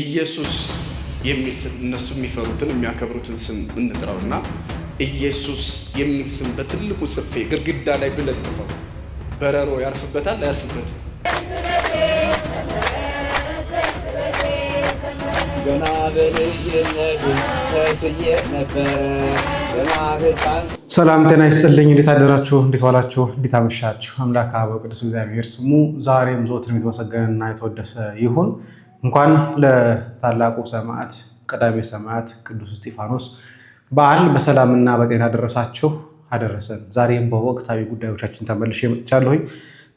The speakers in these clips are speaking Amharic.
ኢየሱስ የሚል ስም እነሱ የሚፈሩትን የሚያከብሩትን ስም እንጥረውና ኢየሱስ የሚል ስም በትልቁ ጽፌ ግድግዳ ላይ ብለጥፈው በረሮ ያርፍበታል አያርፍበትም? ሰላም ጤና ይስጥልኝ። እንዴት አደራችሁ? እንዴት ዋላችሁ? እንዴት አመሻችሁ? አምላክ አበው ቅዱስ እግዚአብሔር ስሙ ዛሬም ዘወትር የተመሰገነና የተወደሰ ይሁን። እንኳን ለታላቁ ሰማዕት ቀዳሜ ሰማዕት ቅዱስ እስጢፋኖስ በዓል በሰላምና በጤና ደረሳችሁ አደረሰን። ዛሬም በወቅታዊ ጉዳዮቻችን ተመልሼ መጥቻለሁኝ።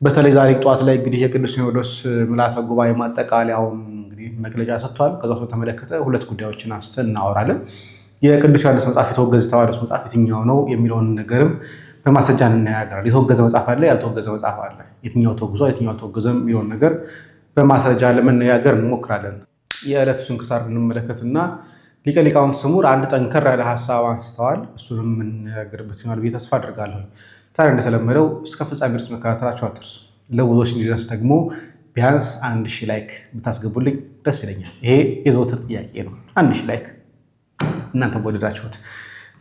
በተለይ ዛሬ ጠዋት ላይ እንግዲህ የቅዱስ ሲኖዶስ ምልዓተ ጉባኤ ማጠቃለያውን እንግዲህ መግለጫ ሰጥቷል። ከዛ ተመለከተ ሁለት ጉዳዮችን አንስተን እናወራለን። የቅዱስ ዮሐንስ መጽሐፍ የተወገዘ ተዋዶስ መጽሐፍ የትኛው ነው የሚለውን ነገርም በማስረጃ እናያገራል። የተወገዘ መጽሐፍ አለ፣ ያልተወገዘ መጽሐፍ አለ፣ የትኛው ተወግዟል፣ የትኛው አልተወገዘም የሚለውን ነገር በማስረጃ ለመነጋገር እንሞክራለን። የዕለቱ ስንክሳር እንመለከትና ሊቀ ሊቃውንት ስሙር አንድ ጠንከር ያለ ሀሳብ አንስተዋል። እሱንም የምንነጋገርበት ይሆናል ብዬ ተስፋ አድርጋለሁ። ታዲያ እንደተለመደው እስከ ፍጻሜ ድረስ መከታተላችሁ አትርሱ። ለብዙዎች እንዲደርስ ደግሞ ቢያንስ አንድ ሺህ ላይክ ብታስገቡልኝ ደስ ይለኛል። ይሄ የዘወትር ጥያቄ ነው። አንድ ሺህ ላይክ እናንተ ወደዳችሁት።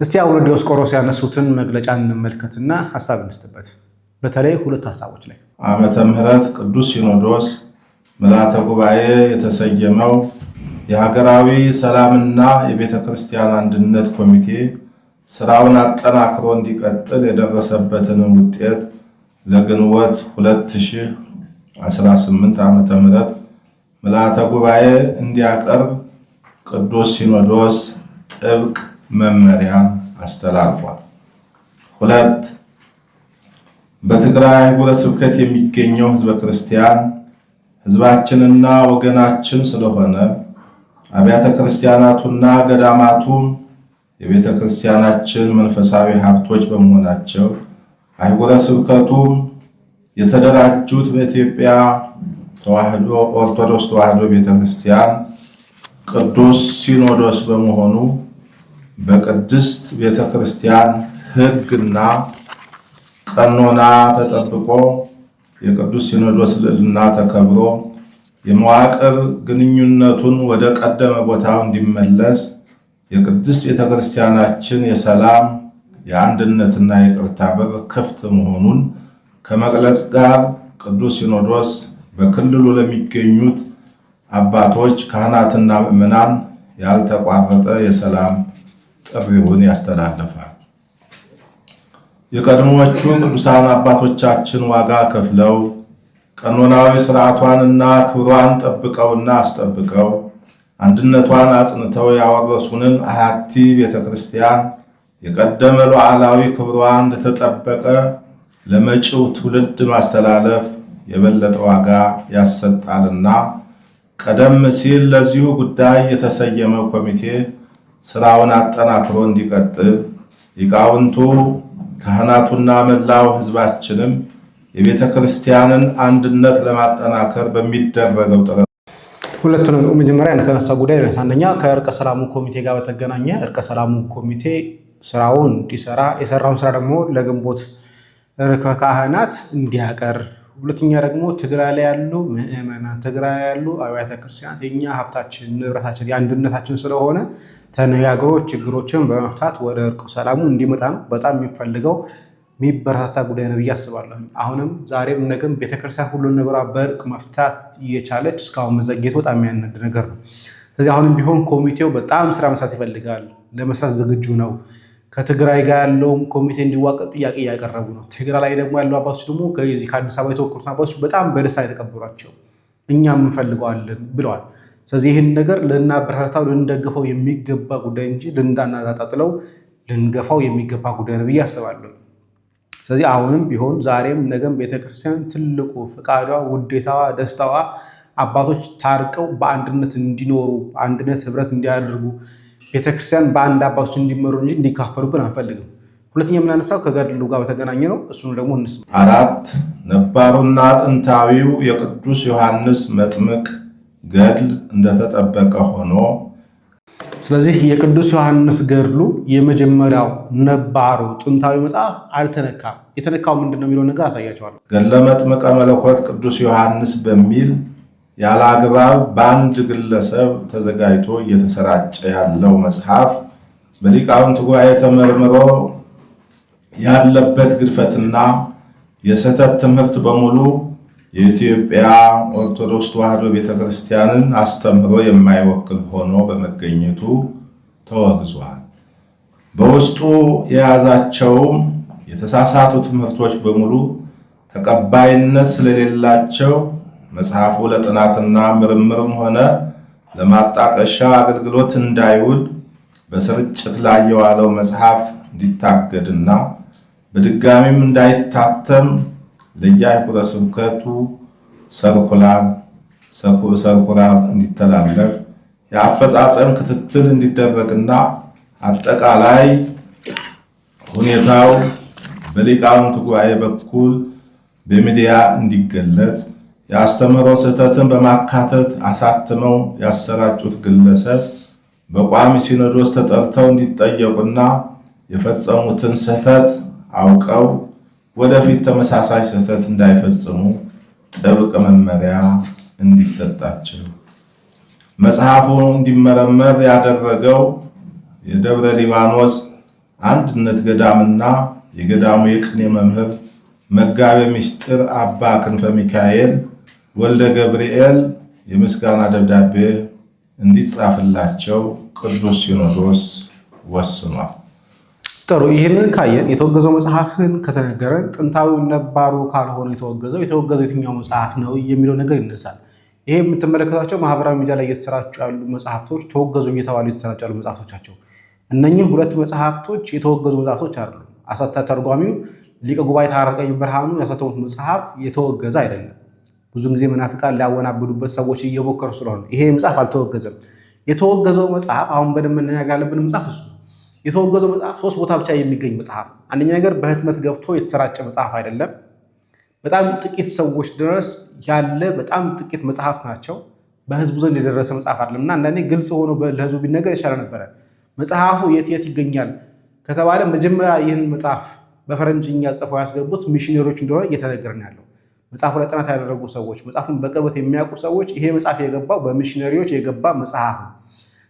እስቲ አቡነ ዲዮስቆሮስ ያነሱትን መግለጫ እንመልከትና ሀሳብ እንስጥበት። በተለይ ሁለት ሀሳቦች ላይ ዓመተ ምሕረት ቅዱስ ሲኖዶስ ምልዓተ ጉባኤ የተሰየመው የሀገራዊ ሰላምና የቤተ ክርስቲያን አንድነት ኮሚቴ ስራውን አጠናክሮ እንዲቀጥል የደረሰበትን ውጤት ለግንቦት 2018 ዓ.ም ምልዓተ ጉባኤ እንዲያቀርብ ቅዱስ ሲኖዶስ ጥብቅ መመሪያ አስተላልፏል። ሁለት በትግራይ አህጉረ ስብከት የሚገኘው ህዝበ ክርስቲያን ሕዝባችንና ወገናችን ስለሆነ አብያተ ክርስቲያናቱና ገዳማቱም የቤተ ክርስቲያናችን መንፈሳዊ ሀብቶች በመሆናቸው አህጉረ ስብከቱም የተደራጁት በኢትዮጵያ ተዋህዶ ኦርቶዶክስ ተዋሕዶ ቤተ ክርስቲያን ቅዱስ ሲኖዶስ በመሆኑ በቅድስት ቤተ ክርስቲያን ሕግና ቀኖና ተጠብቆ የቅዱስ ሲኖዶስ ልዕልና ተከብሮ የመዋቅር ግንኙነቱን ወደ ቀደመ ቦታው እንዲመለስ የቅድስት ቤተ ክርስቲያናችን የሰላም የአንድነትና የቅርታ በር ክፍት መሆኑን ከመግለጽ ጋር ቅዱስ ሲኖዶስ በክልሉ ለሚገኙት አባቶች ካህናትና ምዕመናን ያልተቋረጠ የሰላም ጥሪውን ያስተላልፋል። የቀድሞዎቹ ቅዱሳን አባቶቻችን ዋጋ ከፍለው ቀኖናዊ ስርዓቷንና ክብሯን ጠብቀውና አስጠብቀው አንድነቷን አጽንተው ያወረሱንን አሃቲ ቤተ ክርስቲያን የቀደመ ሉዓላዊ ክብሯ እንደተጠበቀ ለመጪው ትውልድ ማስተላለፍ የበለጠ ዋጋ ያሰጣልና ቀደም ሲል ለዚሁ ጉዳይ የተሰየመው ኮሚቴ ስራውን አጠናክሮ እንዲቀጥል ሊቃውንቱ ካህናቱና መላው ህዝባችንም የቤተ ክርስቲያንን አንድነት ለማጠናከር በሚደረገው ጥረት ሁለቱን መጀመሪያ እንደተነሳ ጉዳይ አንደኛ ከእርቀ ሰላሙ ኮሚቴ ጋር በተገናኘ እርቀ ሰላሙ ኮሚቴ ስራውን እንዲሰራ የሰራውን ስራ ደግሞ ለግንቦት ካህናት እንዲያቀርብ ሁለተኛ ደግሞ ትግራይ ላይ ያሉ ምዕመናን፣ ትግራይ ያሉ አብያተ ክርስቲያናት የኛ ሀብታችን፣ ንብረታችን፣ የአንድነታችን ስለሆነ ተነጋግሮ ችግሮችን በመፍታት ወደ እርቁ ሰላሙ እንዲመጣ ነው በጣም የሚፈልገው የሚበረታታ ጉዳይ ነው ብዬ አስባለሁ። አሁንም ዛሬም ነገም ቤተክርስቲያን ሁሉን ነገሯ በእርቅ መፍታት እየቻለች እስካሁን መዘግየቱ በጣም የሚያነድ ነገር ነው። ስለዚህ አሁንም ቢሆን ኮሚቴው በጣም ስራ መስራት ይፈልጋል፣ ለመስራት ዝግጁ ነው። ከትግራይ ጋር ያለውም ኮሚቴ እንዲዋቀር ጥያቄ እያቀረቡ ነው። ትግራይ ላይ ደግሞ ያለው አባቶች ደግሞ ከአዲስ አበባ የተወከሉት አባቶች በጣም በደስታ የተቀበሏቸው እኛም እንፈልገዋለን ብለዋል። ስለዚህ ይህን ነገር ልናበረታታው ልንደግፈው የሚገባ ጉዳይ እንጂ ልንዳናጣጥለው ልንገፋው የሚገባ ጉዳይ ነው ብዬ አስባለሁ። ስለዚህ አሁንም ቢሆን ዛሬም ነገም ቤተክርስቲያን ትልቁ ፍቃዷ፣ ውዴታዋ፣ ደስታዋ አባቶች ታርቀው በአንድነት እንዲኖሩ አንድነት ህብረት እንዲያደርጉ ቤተክርስቲያን በአንድ አባቶች እንዲመሩ እንጂ እንዲካፈሉብን አንፈልግም። ሁለተኛ የምናነሳው ከገድሉ ጋር በተገናኘ ነው። እሱን ደግሞ እንስ አራት ነባሩና ጥንታዊው የቅዱስ ዮሐንስ መጥምቅ ገድል እንደተጠበቀ ሆኖ ስለዚህ የቅዱስ ዮሐንስ ገድሉ የመጀመሪያው ነባሩ ጥንታዊ መጽሐፍ አልተነካም። የተነካው ምንድን ነው የሚለው ነገር አሳያቸዋለሁ። ገድለ መጥምቀ መለኮት ቅዱስ ዮሐንስ በሚል ያለ አግባብ በአንድ ግለሰብ ተዘጋጅቶ እየተሰራጨ ያለው መጽሐፍ በሊቃውንት ጉባኤ ተመርምሮ ያለበት ግድፈትና የስህተት ትምህርት በሙሉ የኢትዮጵያ ኦርቶዶክስ ተዋሕዶ ቤተክርስቲያንን አስተምህሮ የማይወክል ሆኖ በመገኘቱ ተወግዟል። በውስጡ የያዛቸውም የተሳሳቱ ትምህርቶች በሙሉ ተቀባይነት ስለሌላቸው መጽሐፉ ለጥናትና ምርምርም ሆነ ለማጣቀሻ አገልግሎት እንዳይውል በስርጭት ላይ የዋለው መጽሐፍ እንዲታገድና በድጋሚም እንዳይታተም ለየአህጉረ ስብከቱ ሰርኩላር ሰርኩላር እንዲተላለፍ የአፈጻጸም ክትትል እንዲደረግና አጠቃላይ ሁኔታው በሊቃውንት ጉባኤ በኩል በሚዲያ እንዲገለጽ የአስተምህሮ ስህተትን በማካተት አሳትመው ያሰራጩት ግለሰብ በቋሚ ሲኖዶስ ተጠርተው እንዲጠየቁና የፈጸሙትን ስህተት አውቀው ወደፊት ተመሳሳይ ስህተት እንዳይፈጽሙ ጥብቅ መመሪያ እንዲሰጣቸው መጽሐፉ እንዲመረመር ያደረገው የደብረ ሊባኖስ አንድነት ገዳምና የገዳሙ የቅኔ መምህር መጋቤ ምስጢር አባ ክንፈ ሚካኤል ወልደ ገብርኤል የምስጋና ደብዳቤ እንዲጻፍላቸው ቅዱስ ሲኖዶስ ወስኗል። ጥሩ። ይህንን ካየን የተወገዘው መጽሐፍን ከተነገረ ጥንታዊ ነባሩ ካልሆነ የተወገዘው የተወገዘው የትኛው መጽሐፍ ነው የሚለው ነገር ይነሳል። ይሄ የምትመለከታቸው ማህበራዊ ሚዲያ ላይ እየተሰራጩ ያሉ መጽሐፍቶች ተወገዙ እየተባሉ የተሰራጩ ያሉ መጽሐፍቶቻቸው እነኚህ ሁለት መጽሐፍቶች የተወገዙ መጽሐፍቶች አሉ አሳታ ተርጓሚው ሊቀ ጉባኤ ታረቀኝ ብርሃኑ ያሳተሙት መጽሐፍ የተወገዘ አይደለም። ብዙ ጊዜ መናፍቃን ሊያወናብዱበት ሰዎች እየሞከሩ ስለሆነ ይሄ መጽሐፍ አልተወገዘም። የተወገዘው መጽሐፍ አሁን በደንብ መነጋገር ያለብን መጽሐፍ እሱ የተወገዘው መጽሐፍ ሶስት ቦታ ብቻ የሚገኝ መጽሐፍ። አንደኛ ነገር በህትመት ገብቶ የተሰራጨ መጽሐፍ አይደለም። በጣም ጥቂት ሰዎች ድረስ ያለ በጣም ጥቂት መጽሐፍ ናቸው። በህዝቡ ዘንድ የደረሰ መጽሐፍ አይደለም እና አንዳንዴ ግልጽ ሆኖ ለህዝቡ ቢነገር ይሻለ ነበረ። መጽሐፉ የት የት ይገኛል ከተባለ መጀመሪያ ይህን መጽሐፍ በፈረንጅኛ ጽፎ ያስገቡት ሚሽነሪዎች እንደሆነ እየተነገርን ያለው መጽሐፉ ላይ ጥናት ያደረጉ ሰዎች፣ መጽሐፉን በቅርበት የሚያውቁ ሰዎች ይሄ መጽሐፍ የገባው በሚሽነሪዎች የገባ መጽሐፍ ነው።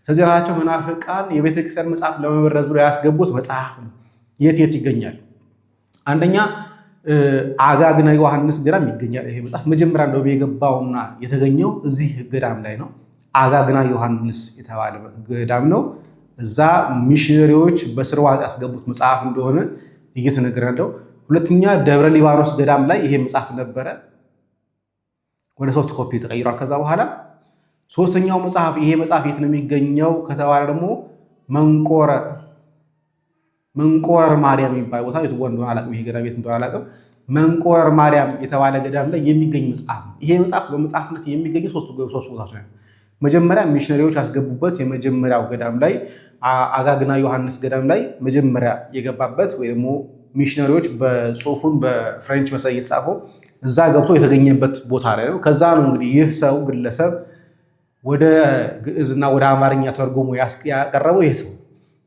ስለዚህ ራሳቸው መናፍቃን የቤተክርስቲያን መጽሐፍ ለመበረዝ ብሎ ያስገቡት መጽሐፍ ነው። የት የት ይገኛል? አንደኛ አጋግና ዮሐንስ ገዳም ይገኛል። ይሄ መጽሐፍ መጀመሪያ እንደው የገባውና የተገኘው እዚህ ገዳም ላይ ነው። አጋግና ዮሐንስ የተባለ ገዳም ነው። እዛ ሚሽነሪዎች በስርዋ ያስገቡት መጽሐፍ እንደሆነ እየተነገረ ያለው ሁለተኛ ደብረ ሊባኖስ ገዳም ላይ ይሄ መጽሐፍ ነበረ፣ ወደ ሶፍት ኮፒ ተቀይሯል ከዛ በኋላ። ሶስተኛው መጽሐፍ ይሄ መጽሐፍ የት ነው የሚገኘው ከተባለ ደግሞ መንቆረ መንቆረር ማርያም የሚባል ቦታ የት እንደሆነ አላቅም። ይሄ ገዳም የት እንደሆነ አላቅም። መንቆረር ማርያም የተባለ ገዳም ላይ የሚገኝ መጽሐፍ ነው። ይሄ መጽሐፍ በመጽሐፍነት የሚገኝ ሶስት ቦታዎች ነው። መጀመሪያ ሚሽነሪዎች ያስገቡበት የመጀመሪያው ገዳም ላይ አጋግና ዮሐንስ ገዳም ላይ መጀመሪያ የገባበት ወይ ደግሞ ሚሽነሪዎች በጽሁፉን በፍሬንች መሰለኝ የተጻፈው እዛ ገብቶ የተገኘበት ቦታ ላይ ነው። ከዛ ነው እንግዲህ ይህ ሰው ግለሰብ ወደ ግዕዝና ወደ አማርኛ ተርጉሞ ያቀረበው። ይህ ሰው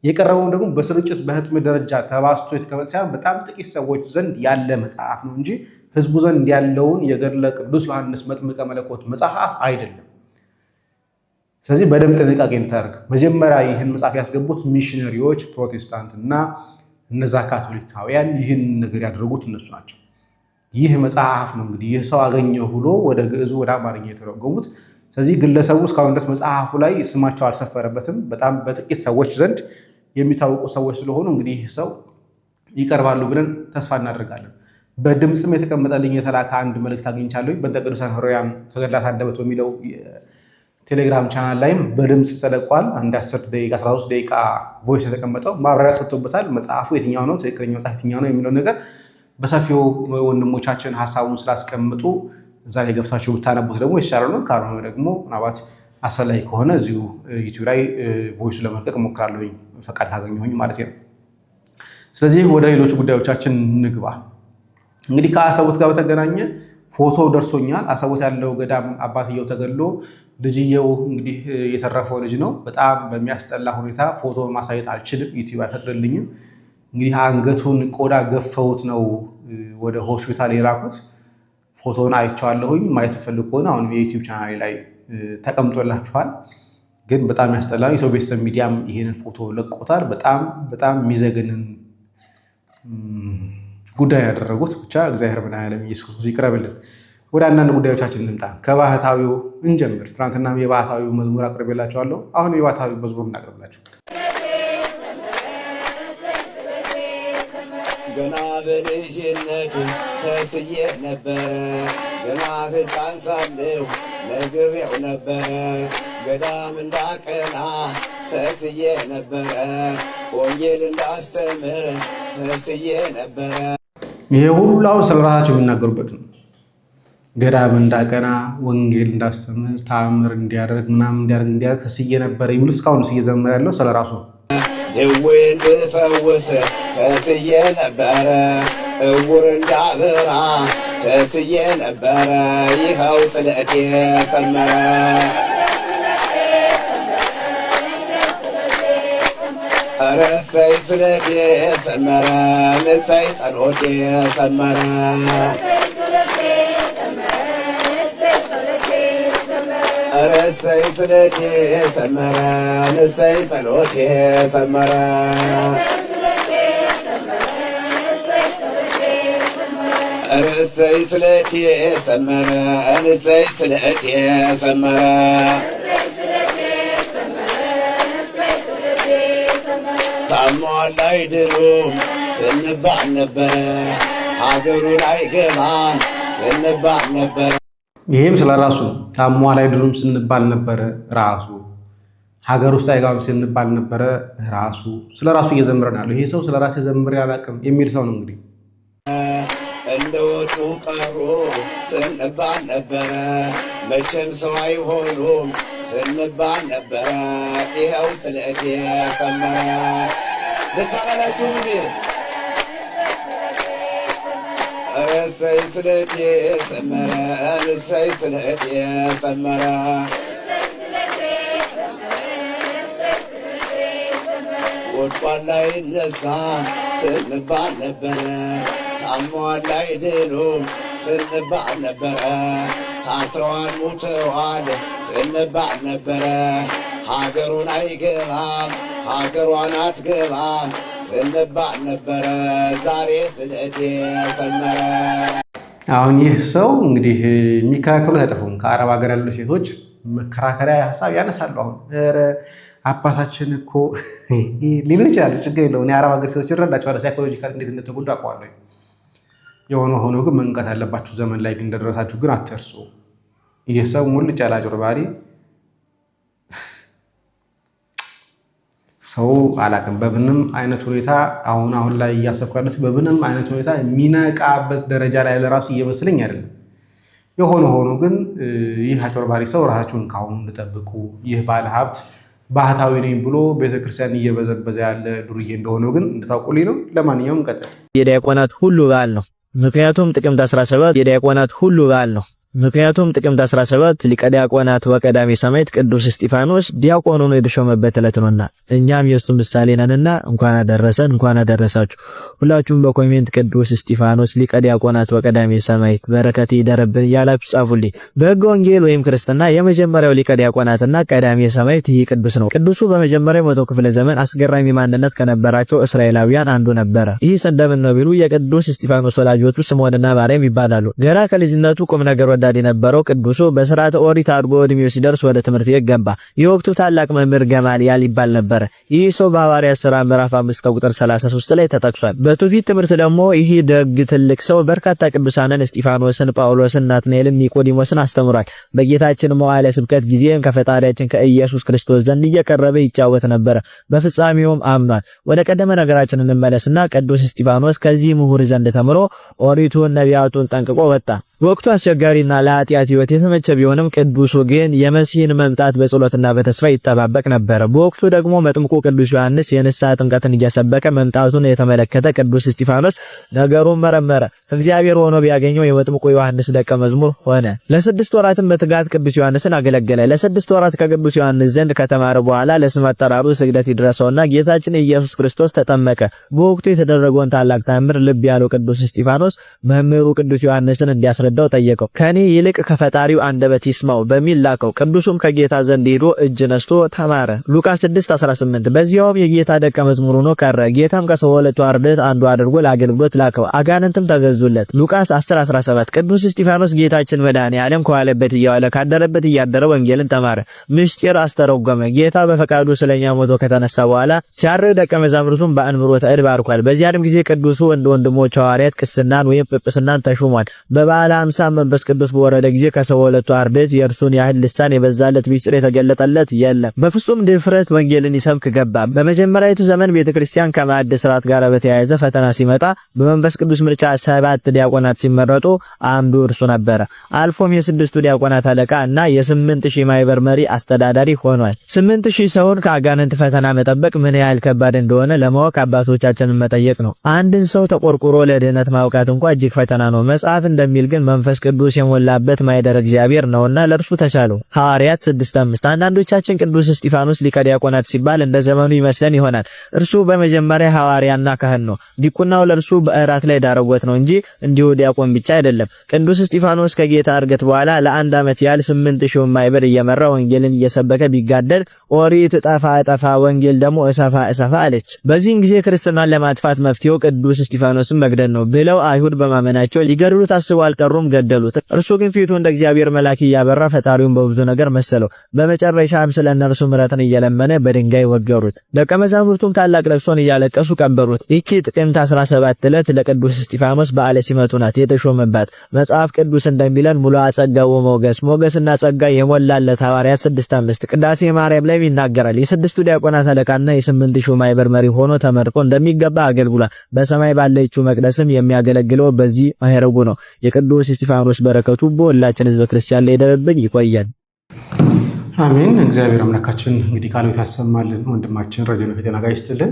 የቀረበው ደግሞ በስርጭት በህትም ደረጃ ተባስቶ የተቀመጠ ሳይሆን በጣም ጥቂት ሰዎች ዘንድ ያለ መጽሐፍ ነው እንጂ ህዝቡ ዘንድ ያለውን የገድለ ቅዱስ ዮሐንስ መጥምቀ መለኮት መጽሐፍ አይደለም። ስለዚህ በደንብ ጥንቃቄ እንታደርግ። መጀመሪያ ይህን መጽሐፍ ያስገቡት ሚሽነሪዎች ፕሮቴስታንት እና እነዛ ካቶሊካውያን ይህን ነገር ያደረጉት እነሱ ናቸው። ይህ መጽሐፍ ነው እንግዲህ ይህ ሰው አገኘው ብሎ ወደ ግዕዙ ወደ አማርኛ የተረጎሙት። ስለዚህ ግለሰቡ እስካሁን ድረስ መጽሐፉ ላይ ስማቸው አልሰፈረበትም። በጣም በጥቂት ሰዎች ዘንድ የሚታወቁ ሰዎች ስለሆኑ እንግዲህ ይህ ሰው ይቀርባሉ ብለን ተስፋ እናደርጋለን። በድምፅም የተቀመጠልኝ የተላከ አንድ መልእክት አግኝቻለሁ። በንተ ቅዱሳን ኅሩያን አንደበት በሚለው ቴሌግራም ቻናል ላይም በድምፅ ተለቋል። አንድ 10 ደቂቃ 13 ደቂቃ ቮይስ የተቀመጠው ማብራሪያ ተሰጥቶበታል። መጽሐፉ የትኛው ነው ትክክለኛ መጽሐፍ የትኛው ነው የሚለው ነገር በሰፊው ወንድሞቻችን ሀሳቡን ስላስቀምጡ እዛ ላይ ገብታችሁ ብታነቡት ደግሞ የተሻለ ነው። ካልሆነ ደግሞ ምናልባት አስፈላጊ ከሆነ እዚሁ ዩቲዩብ ላይ ቮይሱ ለመልቀቅ እሞክራለሁኝ ፈቃድ ካገኘሁኝ ማለት ነው። ስለዚህ ወደ ሌሎች ጉዳዮቻችን ንግባ። እንግዲህ ከአሰቡት ጋር በተገናኘ ፎቶ ደርሶኛል። አሰቦት ያለው ገዳም አባትየው ተገሎ ልጅየው እንግዲህ የተረፈው ልጅ ነው። በጣም በሚያስጠላ ሁኔታ ፎቶ ማሳየት አልችልም፣ ዩቲዩብ አይፈቅድልኝም። እንግዲህ አንገቱን ቆዳ ገፈውት ነው ወደ ሆስፒታል የላኩት። ፎቶን አይቼዋለሁኝ። ማየት ፈልግ ከሆነ አሁን የዩቲዩብ ቻናሌ ላይ ተቀምጦላችኋል። ግን በጣም ያስጠላ ነው። የሰው ቤተሰብ ሚዲያም ይሄንን ፎቶ ለቆታል። በጣም በጣም የሚዘግንን ጉዳይ ያደረጉት ብቻ እግዚአብሔር ምን ያለም ኢየሱስ ክርስቶስ ይቅረብልን። ወደ አንዳንድ ጉዳዮቻችን እንምጣ። ከባህታዊው እንጀምር። ትናንትና የባህታዊ መዝሙር አቅርቤላቸዋለሁ። አሁን የባህታዊ መዝሙር እናቅርብላቸው። ገና በልጅነት ተስዬ ነበረ፣ ገና ሕፃን ሳለሁ ነግሬው ነበረ፣ ገዳም እንዳቀና ተስዬ ነበረ፣ ወንጌል እንዳስተምር ተስዬ ነበረ ይሄ ሁሉ ስለ ራሳቸው የሚናገሩበት ነው። ገዳም እንዳቀና ወንጌል እንዳስተምር ታምር እንዲያደርግ ምናምን እንዲያደርግ እንዲያደርግ ተስዬ ነበር የሚሉ እስካሁን እየዘመረ ያለው ስለ ራሱ ነው። ድውይ እንድፈውስ ተስዬ ነበረ፣ እውር እንዳብራ ተስዬ ነበረ፣ ይኸው ስለእቴ ሰመረ ኧረ እሰይ ስለቴ ሰመረ እሰይ ጸሎቴ ሰመረ ኧረ እሰይ ስለቴ ሰመረ እሰይ ጸሎቴ ሰመረ ኧረ ስለቴ ሰመረ እሰይ ስለቴ ሰመረ ታሞ ላይ ስንባል ነበረ ሀገሩ ላይ ገባ ስንባል ነበረ። ይህም ስለ ራሱ ነው። ላይ ድሩም ስንባል ነበረ ራሱ ሀገር ውስጥ አይገባም ስንባል ነበረ ራሱ። ስለ ራሱ እየዘምረን ያለው ይሄ ሰው ስለ ራሴ ዘምሬ አላውቅም የሚል ሰው ነው። እንግዲህ እንደ ወጡ ቀሩ ስንባል ነበረ መቼም ሰው አይሆኑም እንባል ነበረ። ይኸው ስለ እቴ ሰመረ። ደስ አላላችሁ እንዴ? እሰይ ስለ እቴ ሰመረ፣ እሰይ ስለ እቴ ሰመረ። ወድቋል ላይ ነሳ ስንባል ነበረ። ታሟል ላይ ድሉ ስንባል ነበረ። ታስረዋል ሙተዋል እንባል ነበረ ሀገሩን አይገባም ሀገሯን አትገባም እንባል ነበረ። ዛሬ ስልእቴ ሰመረ። አሁን ይህ ሰው እንግዲህ የሚከራከሩት አይጠፉም። ከአረብ ሀገር ያሉ ሴቶች መከራከሪያ ሀሳብ ያነሳሉ። አሁን ኧረ አባታችን እኮ ሊሉ ይችላሉ። ችግር የለውም። የአረብ ሀገር ሴቶች ይረዳቸዋል። ሳይኮሎጂካል እንዴት እንደተጎዱ አውቀዋለሁ። የሆነ ሆኖ ግን መንቀት ያለባችሁ ዘመን ላይ ግን እንደደረሳችሁ ግን አትርሱ። የሰው ሙሉ ጨላጭር ባህሪ ሰው አላቅም። በምንም አይነት ሁኔታ አሁን አሁን ላይ እያሰብኩ በምንም አይነት ሁኔታ የሚነቃበት ደረጃ ላይ ለራሱ እየመስለኝ አይደለም። የሆነ ሆኖ ግን ይህ አጭበርባሪ ሰው ራሳችሁን ካሁኑ ልጠብቁ። ይህ ባለ ሀብት ባህታዊ ነኝ ብሎ ቤተክርስቲያን እየበዘበዘ ያለ ዱርዬ እንደሆነ ግን እንድታውቁልኝ ነው። ለማንኛውም ቀጥል። የዲያቆናት ሁሉ በዓል ነው። ምክንያቱም ጥቅምት 17 የዲያቆናት ሁሉ በዓል ነው። ምክንያቱም ጥቅምት 17 ሊቀ ዲያቆናት ወቀዳሜ ሰማዕት ቅዱስ እስጢፋኖስ ዲያቆን ሆኖ የተሾመበት ዕለት ነውና እኛም የእሱ ምሳሌ ነንና እንኳን አደረሰን፣ እንኳን አደረሳችሁ። ሁላችሁም በኮሜንት ቅዱስ እስጢፋኖስ ሊቀ ዲያቆናት ወቀዳሜ ሰማዕት በረከት ይደርብን እያላችሁ ጻፉልኝ። በሕገ ወንጌል ወይም ክርስትና የመጀመሪያው ሊቀ ዲያቆናትና ቀዳሜ ሰማዕት ይህ ቅዱስ ነው። ቅዱሱ በመጀመሪያው መቶ ክፍለ ዘመን አስገራሚ ማንነት ከነበራቸው እስራኤላውያን አንዱ ነበረ። ይህ ሰደብን ነው ቢሉ የቅዱስ እስጢፋኖስ ወላጆቹ ስምዖንና ማርያም ይባላሉ። ገና ከልጅነቱ ቁም ነገር ወዳድ የነበረው ቅዱሱ በስርዓተ ኦሪት አድጎ እድሜው ሲደርስ ወደ ትምህርት ቤት ገባ። የወቅቱ ታላቅ መምህር ገማልያል ይባል ነበር። ይህ ሰው በሐዋርያት ሥራ ምዕራፍ 5 ከቁጥር 33 ላይ ተጠቅሷል። በትውፊት ትምህርት ደግሞ ይህ ደግ ትልቅ ሰው በርካታ ቅዱሳንን እስጢፋኖስን፣ ጳውሎስን፣ ናትናኤልን፣ ኒቆዲሞስን አስተምሯል። በጌታችን መዋዕለ ስብከት ጊዜም ከፈጣሪያችን ከኢየሱስ ክርስቶስ ዘንድ እየቀረበ ይጫወት ነበር። በፍጻሜውም አምኗል። ወደ ቀደመ ነገራችን እንመለስና ቅዱስ እስጢፋኖስ ከዚህ ምሁር ዘንድ ተምሮ ኦሪቱን ነቢያቱን ጠንቅቆ ወጣ። ወቅቱ አስቸጋሪና ለኃጢአት ህይወት የተመቸ ቢሆንም ቅዱሱ ግን የመሲህን መምጣት በጸሎትና በተስፋ ይጠባበቅ ነበር። በወቅቱ ደግሞ መጥምቁ ቅዱስ ዮሐንስ የንስሐ ጥምቀትን እያሰበቀ መምጣቱን የተመለከተ ቅዱስ እስጢፋኖስ ነገሩን መረመረ። እግዚአብሔር ሆኖ ቢያገኘው የመጥምቁ ዮሐንስ ደቀ መዝሙር ሆነ። ለስድስት ወራትም በትጋት ቅዱስ ዮሐንስን አገለገለ። ለስድስት ወራት ከቅዱስ ዮሐንስ ዘንድ ከተማረ በኋላ ለስም አጠራሩ ስግደት ይድረሰውና ጌታችን ኢየሱስ ክርስቶስ ተጠመቀ። በወቅቱ የተደረገውን ታላቅ ታምር ልብ ያለው ቅዱስ እስጢፋኖስ መምህሩ ቅዱስ ዮሐንስን እንዲያስ እንዲያስረዳው ጠየቀው። ከኔ ይልቅ ከፈጣሪው አንደበት ይስማው በሚል ላከው። ቅዱሱም ከጌታ ዘንድ ሄዶ እጅ ነስቶ ተማረ። ሉቃስ 6:18 በዚያውም የጌታ ደቀ መዝሙር ሆኖ ቀረ። ጌታም ከሰው ሁለቱ አርድእት አንዱ አድርጎ ለአገልግሎት ላከው። አጋንንትም ተገዙለት። ሉቃስ 10:17 ቅዱስ እስጢፋኖስ ጌታችን መድኃኔ ዓለም ከዋለበት እያዋለ ካደረበት እያደረ ወንጌልን ተማረ። ምስጢር አስተረጎመ። ጌታ በፈቃዱ ስለኛ ሞቶ ከተነሳ በኋላ ሲያርግ ደቀ መዛሙርቱን በአንብሮተ እድ ባርኳል። በዚያንም ጊዜ ቅዱሱ እንደ ወንድሞቹ ሐዋርያት ቅስናን ወይም ጵጵስናን ተሹሟል። በበዓለ በዓለ ሃምሳ መንፈስ ቅዱስ በወረደ ጊዜ ከሰባ ሁለቱ አርድእት የእርሱን ያህል ልሳን የበዛለት ሚስጥር የተገለጠለት የለም። በፍጹም ድፍረት ወንጌልን ይሰብክ ገባ። በመጀመሪያዊቱ ዘመን ቤተክርስቲያን ከማዕድ ስርዓት ጋር በተያያዘ ፈተና ሲመጣ በመንፈስ ቅዱስ ምርጫ ሰባት ዲያቆናት ሲመረጡ አንዱ እርሱ ነበረ። አልፎም የስድስቱ ዲያቆናት አለቃ እና የስምንት ሺህ ማይበር መሪ አስተዳዳሪ ሆኗል። ስምንት ሺህ ሰውን ከአጋንንት ፈተና መጠበቅ ምን ያህል ከባድ እንደሆነ ለማወቅ አባቶቻችንን መጠየቅ ነው። አንድን ሰው ተቆርቁሮ ለድህነት ማውቃት እንኳ እጅግ ፈተና ነው። መጽሐፍ እንደሚል ግን መንፈስ ቅዱስ የሞላበት ማይደር እግዚአብሔር ነውና ለርሱ ተቻሉ ሐዋርያት 6:5 አንዳንዶቻችን ቅዱስ እስጢፋኖስ ሊቀ ዲያቆናት ሲባል እንደ ዘመኑ ይመስለን ይሆናል። እርሱ በመጀመሪያ ሐዋርያና ካህን ነው። ዲቁናው ለርሱ በእራት ላይ ዳረጎት ነው እንጂ እንዲሁ ዲያቆን ብቻ አይደለም። ቅዱስ እስጢፋኖስ ከጌታ እርገት በኋላ ለአንድ ዓመት ያህል 8000 ማይበር እየመራ ወንጌልን እየሰበከ ቢጋደል ኦሪት ጠፋ ጠፋ ወንጌል ደግሞ እሰፋ እሰፋ አለች። በዚህን ጊዜ ክርስትናን ለማጥፋት መፍትሄው ቅዱስ እስጢፋኖስን መግደል ነው ብለው አይሁድ በማመናቸው ሊገድሉት አስበው አልቀሩ እያስፈሩም ገደሉት። እርሱ ግን ፊቱ እንደ እግዚአብሔር መልአክ እያበራ ፈጣሪውን በብዙ ነገር መሰለው። በመጨረሻም ስለ እነርሱ ምሕረትን እየለመነ በድንጋይ ወገሩት። ደቀ መዛሙርቱም ታላቅ ልቅሶን እያለቀሱ ቀበሩት። ይቺ ጥቅምት 17 ዕለት ለቅዱስ እስጢፋኖስ በዓለ ሲመቱ ናት የተሾመባት። መጽሐፍ ቅዱስ እንደሚለን ሙሉ አጸጋው ሞገስ ሞገስና ጸጋ የሞላለት ሐዋርያ 65 ቅዳሴ ማርያም ላይ ይናገራል። የስድስቱ ዲያቆናት አለቃና የስምንት ሺው ማይበር መሪ ሆኖ ተመርቆ እንደሚገባ አገልግሏል። በሰማይ ባለችው መቅደስም የሚያገለግለው በዚህ ማዕረጉ ነው። የቅዱስ ቅዱስ እስጢፋኖስ በረከቱ በሁላችን ህዝበ ክርስቲያን ላይ ይደረብን። ይቆያል። አሜን። እግዚአብሔር አምላካችን እንግዲህ ቃሉ ያሰማልን። ወንድማችን ረጅም ከጤና ጋር ይስጥልን።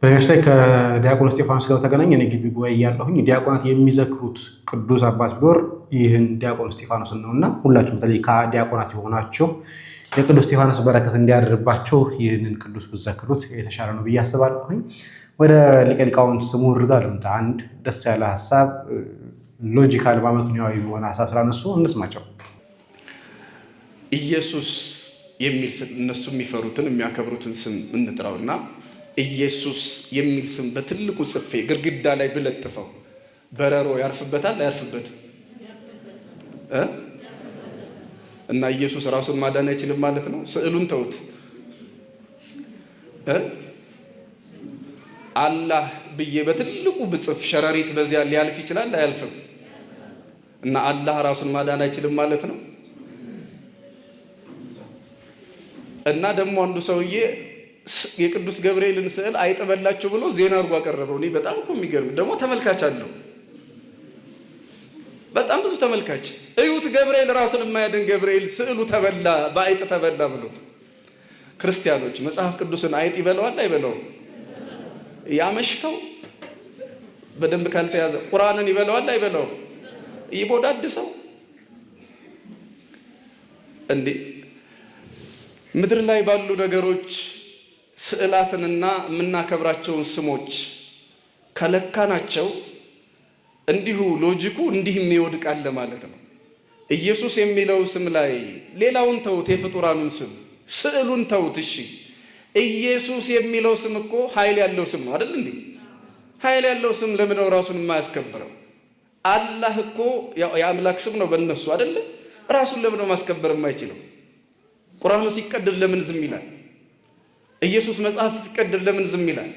በነገራችን ላይ ከዲያቆን እስጢፋኖስ ጋር ተገናኝ እኔ ግቢ ጉባኤ እያለሁኝ ዲያቆናት የሚዘክሩት ቅዱስ አባት ቢኖር ይህን ዲያቆን እስጢፋኖስን ነው እና ሁላችሁም በተለይ ከዲያቆናት የሆናችሁ የቅዱስ እስጢፋኖስ በረከት እንዲያድርባችሁ ይህንን ቅዱስ ብዘክሩት የተሻለ ነው ብዬ አስባለሁኝ። ወደ ሊቀ ሊቃውንት ስሙር ጋር ልምጣ። አንድ ደስ ያለ ሀሳብ ሎጂካል በመክንያዊ በሆነ ሀሳብ ስላነሱ እንስማቸው። ኢየሱስ የሚል ስም እነሱ የሚፈሩትን የሚያከብሩትን ስም እንጥራውና ኢየሱስ የሚል ስም በትልቁ ጽፌ ግርግዳ ላይ ብለጥፈው በረሮ ያርፍበታል አያርፍበትም? እና ኢየሱስ ራሱን ማዳን አይችልም ማለት ነው። ስዕሉን ተውት። አላህ ብዬ በትልቁ ብጽፍ ሸረሪት በዚያ ሊያልፍ ይችላል አያልፍም? እና አላህ ራሱን ማዳን አይችልም ማለት ነው። እና ደግሞ አንዱ ሰውዬ የቅዱስ ገብርኤልን ስዕል አይጥበላችሁ ብሎ ዜና አድርጎ አቀረበው። እኔ በጣም እኮ የሚገርም ደግሞ ተመልካች አለው፣ በጣም ብዙ ተመልካች። እዩት ገብርኤል ራሱን የማያድን ገብርኤል ስዕሉ ተበላ፣ በአይጥ ተበላ ብሎ። ክርስቲያኖች መጽሐፍ ቅዱስን አይጥ ይበላዋል አይበላውም? ያመሽከው በደንብ ካልተያዘ ቁርአንን ይበላዋል አይበላውም? ይቦዳድሰው እንዴ? ምድር ላይ ባሉ ነገሮች ስዕላትንና የምናከብራቸውን ስሞች ከለካናቸው እንዲሁ ሎጂኩ እንዲህም ይወድቃል ማለት ነው። ኢየሱስ የሚለው ስም ላይ ሌላውን ተውት፣ የፍጡራኑን ስም ስዕሉን ተውት። እሺ ኢየሱስ የሚለው ስም እኮ ኃይል ያለው ስም ነው አይደል እንዴ? ኃይል ያለው ስም ለምን ነው ራሱን የማያስከብረው? አላህ እኮ የአምላክ ስም ነው በእነሱ አይደለ? ራሱን ለምን ማስከበር የማይችለው? ቁርአኑ ሲቀደድ ለምን ዝም ይላል? ኢየሱስ መጽሐፍ ሲቀደድ ለምን ዝም ይላል?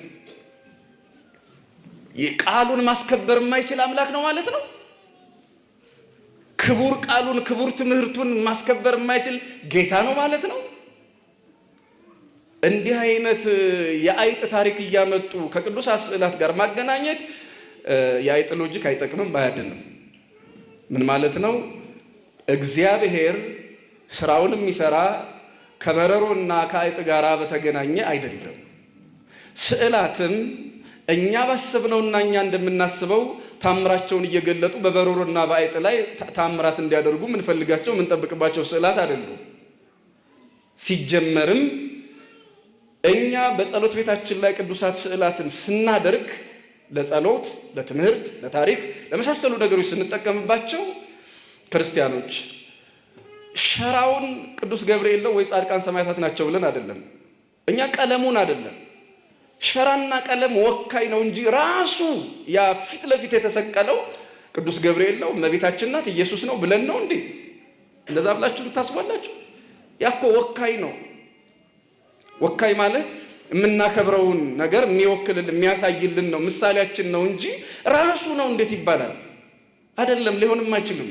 ቃሉን ማስከበር የማይችል አምላክ ነው ማለት ነው። ክቡር ቃሉን ክቡር ትምህርቱን ማስከበር የማይችል ጌታ ነው ማለት ነው። እንዲህ አይነት የአይጥ ታሪክ እያመጡ ከቅዱስ ስዕላት ጋር ማገናኘት የአይጥ ሎጂክ አይጠቅምም፣ አያድንም። ምን ማለት ነው? እግዚአብሔር ስራውን የሚሰራ ከበረሮና ከአይጥ ጋር በተገናኘ አይደለም። ስዕላትም እኛ ባሰብነውና እኛ እንደምናስበው ታምራቸውን እየገለጡ በበረሮና በአይጥ ላይ ታምራት እንዲያደርጉ የምንፈልጋቸው የምንጠብቅባቸው ስዕላት አይደሉም። ሲጀመርም እኛ በጸሎት ቤታችን ላይ ቅዱሳት ስዕላትን ስናደርግ ለጸሎት፣ ለትምህርት፣ ለታሪክ፣ ለመሳሰሉ ነገሮች ስንጠቀምባቸው ክርስቲያኖች ሸራውን ቅዱስ ገብርኤል ነው ወይ ጻድቃን ሰማያታት ናቸው ብለን አይደለም። እኛ ቀለሙን አይደለም ሸራና ቀለም ወካይ ነው እንጂ ራሱ ያ ፊት ለፊት የተሰቀለው ቅዱስ ገብርኤል ነው እመቤታችን ናት ኢየሱስ ነው ብለን ነው እንዴ? እንደዛ ብላችሁ ታስባላችሁ? ያኮ ወካይ ነው። ወካይ ማለት የምናከብረውን ነገር የሚወክልል የሚያሳይልን ነው ምሳሌያችን ነው እንጂ ራሱ ነው እንዴት ይባላል? አይደለም፣ ሊሆንም አይችልም።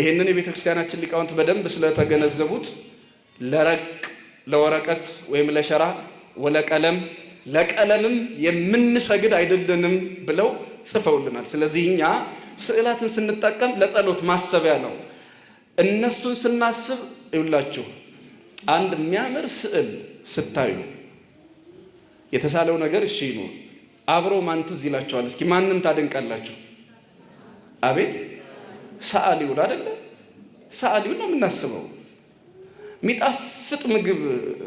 ይህንን የቤተ ክርስቲያናችን ሊቃውንት በደንብ ስለተገነዘቡት ለረቅ ለወረቀት ወይም ለሸራ ወለቀለም ለቀለምም የምንሰግድ አይደለንም ብለው ጽፈውልናል። ስለዚህ እኛ ስዕላትን ስንጠቀም ለጸሎት ማሰቢያ ነው። እነሱን ስናስብ ይውላችሁ አንድ የሚያምር ስዕል ስታዩ የተሳለው ነገር እሺ ነው። አብሮ ማን ትዝ ይላችኋል? እስኪ ማንን ታደንቃላችሁ? አቤት ሰዓሊውን አይደለ? ሰዓሊውን ነው የምናስበው። የሚጣፍጥ ምግብ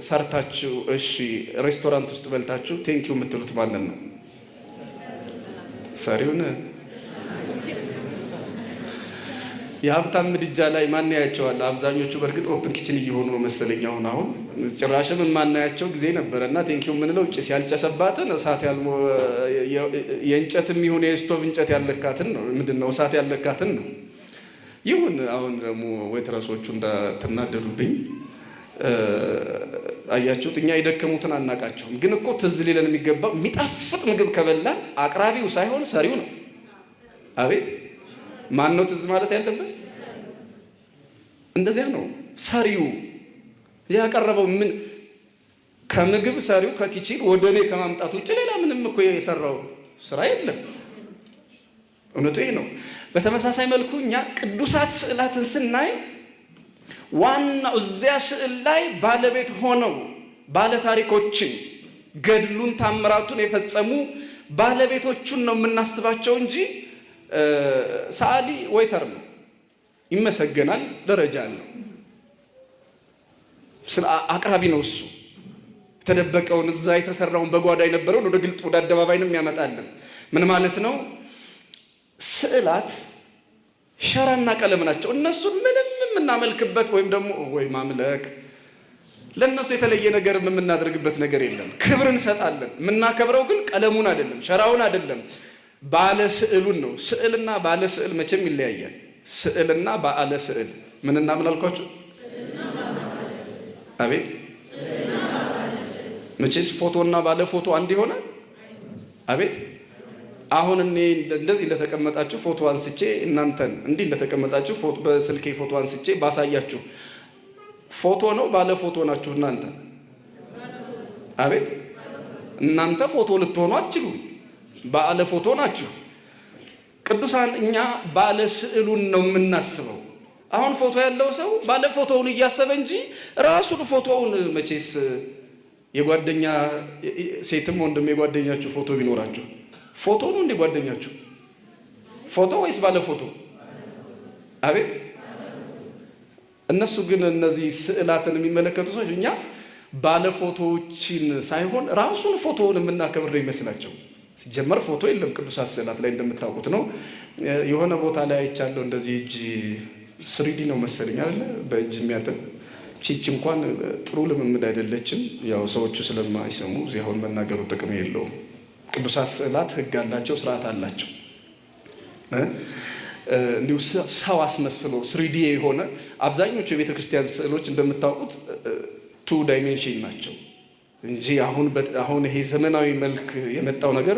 ሰርታችሁ እሺ፣ ሬስቶራንት ውስጥ በልታችሁ ቴንኪው የምትሉት ማንን ነው? ሰሪውን የሀብታም ምድጃ ላይ ማን ያያቸዋል? አብዛኞቹ በእርግጥ ኦፕን ኪችን እየሆኑ ነው መሰለኝ። አሁን አሁን ጭራሽም የማናያቸው ጊዜ ነበረ እና ቴንኪው የምንለው ጭስ ያልጨሰባትን እሳት ያል የእንጨት የሚሆን የስቶቭ እንጨት ያለካትን ነው ምንድን ነው እሳት ያለካትን ነው። ይሁን አሁን ደግሞ ወይትረሶቹ እንዳትናደዱብኝ አያችሁት፣ እኛ የደከሙትን አናቃቸውም። ግን እኮ ትዝ ሊለን የሚገባው የሚጣፍጥ ምግብ ከበላን አቅራቢው ሳይሆን ሰሪው ነው። አቤት ማን ነው ትዝ ማለት ያለበት? እንደዚያ ነው። ሰሪው ያቀረበው ምን ከምግብ ሰሪው ከኪችን ወደ እኔ ከማምጣት ውጭ ሌላ ምንም እኮ የሰራው ስራ የለም። እውነቱ ይሄ ነው። በተመሳሳይ መልኩ እኛ ቅዱሳት ስዕላትን ስናይ ዋናው እዚያ ስዕል ላይ ባለቤት ሆነው ባለታሪኮችን ገድሉን ታምራቱን የፈጸሙ ባለቤቶቹን ነው የምናስባቸው እንጂ ሰዓሊ ወይተር ነው፣ ይመሰገናል፣ ደረጃ አለው። አቅራቢ ነው እሱ የተደበቀውን እዛ የተሰራውን በጓዳ የነበረውን ወደ ግልጥ ወደ አደባባይ ነው የሚያመጣልን። ምን ማለት ነው? ስዕላት ሸራና ቀለም ናቸው። እነሱን ምንም የምናመልክበት ወይም ደግሞ ወይ ማምለክ ለእነሱ የተለየ ነገር የምናደርግበት ነገር የለም። ክብር እንሰጣለን። የምናከብረው ግን ቀለሙን አይደለም፣ ሸራውን አይደለም፣ ባለ ስዕሉን ነው። ስዕልና ባለ ስዕል መቼም ይለያያል። ስዕልና ባለ ስዕል ምንና ምን አልኳችሁ? አቤት መቼስ ፎቶና ባለ ፎቶ አንድ ሆነ አቤት አሁን እኔ እንደዚህ እንደተቀመጣችሁ ፎቶ አንስቼ እናንተን እንዲህ እንደተቀመጣችሁ ፎቶ በስልኬ ፎቶ አንስቼ ባሳያችሁ ፎቶ ነው ባለ ፎቶ ናችሁ እናንተ አቤት እናንተ ፎቶ ልትሆኑ አትችሉም። ባለ ፎቶ ናቸው። ቅዱሳን እኛ ባለ ስዕሉን ነው የምናስበው። አሁን ፎቶ ያለው ሰው ባለ ፎቶውን እያሰበ እንጂ ራሱን ፎቶውን መቼስ የጓደኛ ሴትም ወንድም የጓደኛችሁ ፎቶ ቢኖራችሁ ፎቶ ነው እንደ ጓደኛችሁ ፎቶ ወይስ ባለ ፎቶ? አቤት እነሱ ግን እነዚህ ስዕላትን የሚመለከቱ ሰዎች እኛ ባለ ፎቶዎችን ሳይሆን ራሱን ፎቶውን የምናከብር ነው ይመስላቸው። ሲጀመር ፎቶ የለም ቅዱሳት ስዕላት ላይ እንደምታውቁት ነው። የሆነ ቦታ ላይ አይቻለሁ እንደዚህ እጅ ስሪዲ ነው መሰለኝ አለ በእጅ የሚያጥን ቺች እንኳን ጥሩ ልምምድ አይደለችም። ያው ሰዎቹ ስለማይሰሙ እዚህ አሁን መናገሩ ጥቅም የለውም። ቅዱሳት ስዕላት ህግ አላቸው፣ ስርዓት አላቸው። እንዲሁ ሰው አስመስሎ ስሪዲ የሆነ አብዛኞቹ የቤተ ክርስቲያን ስዕሎች እንደምታውቁት ቱ ዳይሜንሽን ናቸው። እንጂ አሁን አሁን ይሄ ዘመናዊ መልክ የመጣው ነገር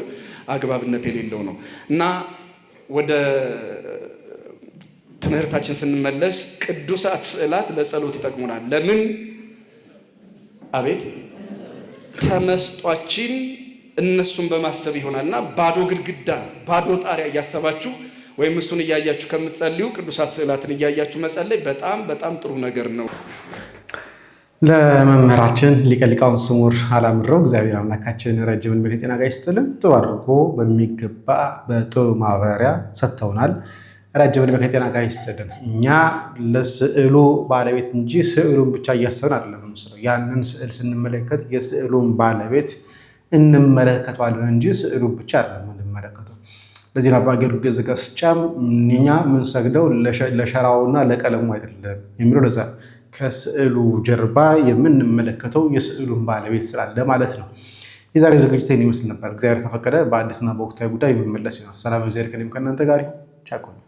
አግባብነት የሌለው ነው እና ወደ ትምህርታችን ስንመለስ ቅዱሳት ስዕላት ለጸሎት ይጠቅሙናል። ለምን? አቤት ተመስጧችን እነሱን በማሰብ ይሆናል እና ባዶ ግድግዳ ባዶ ጣሪያ እያሰባችሁ ወይም እሱን እያያችሁ ከምትጸልዩ ቅዱሳት ስዕላትን እያያችሁ መጸለይ በጣም በጣም ጥሩ ነገር ነው። ለመምህራችን ሊቀ ሊቃውንት ስሙር አላምረው እግዚአብሔር አምላካችን ረጅምን ዕድሜ ከጤና ጋር ይስጥልን። ጥሩ አድርጎ በሚገባ በጥሩ ማብራሪያ ሰጥተውናል። ረጅምን ዕድሜ ከጤና ጋር ይስጥልን። እኛ ለስዕሉ ባለቤት እንጂ ስዕሉን ብቻ እያሰብን አይደለም የምንስለው። ያንን ስዕል ስንመለከት የስዕሉን ባለቤት እንመለከተዋለን እንጂ ስዕሉ ብቻ አይደለም የምንመለከተው። ለዚህ አባ ጊዮርጊስ ዘጋስጫም እኛ የምንሰግደው ለሸራውና ለቀለሙ አይደለም የሚለው ለዛ ከስዕሉ ጀርባ የምንመለከተው የስዕሉን ባለቤት ስላለ ማለት ነው። የዛሬው ዝግጅት ይመስል ነበር። እግዚአብሔር ከፈቀደ በአዲስና በወቅታዊ ጉዳይ የሚመለስ ይሆናል። ሰላም፣ እግዚአብሔር ከእኔም ከእናንተ ጋር ይሁን። ቻቆ